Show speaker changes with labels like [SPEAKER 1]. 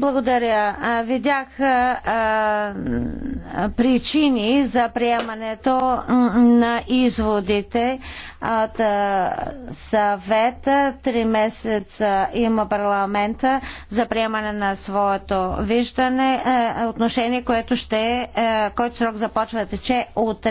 [SPEAKER 1] Благодаря. Видях а, причини за приемането на изводите от съвета. Три месеца има парламента за приемане на своето виждане, отношение, което ще, който срок започва да
[SPEAKER 2] тече утре.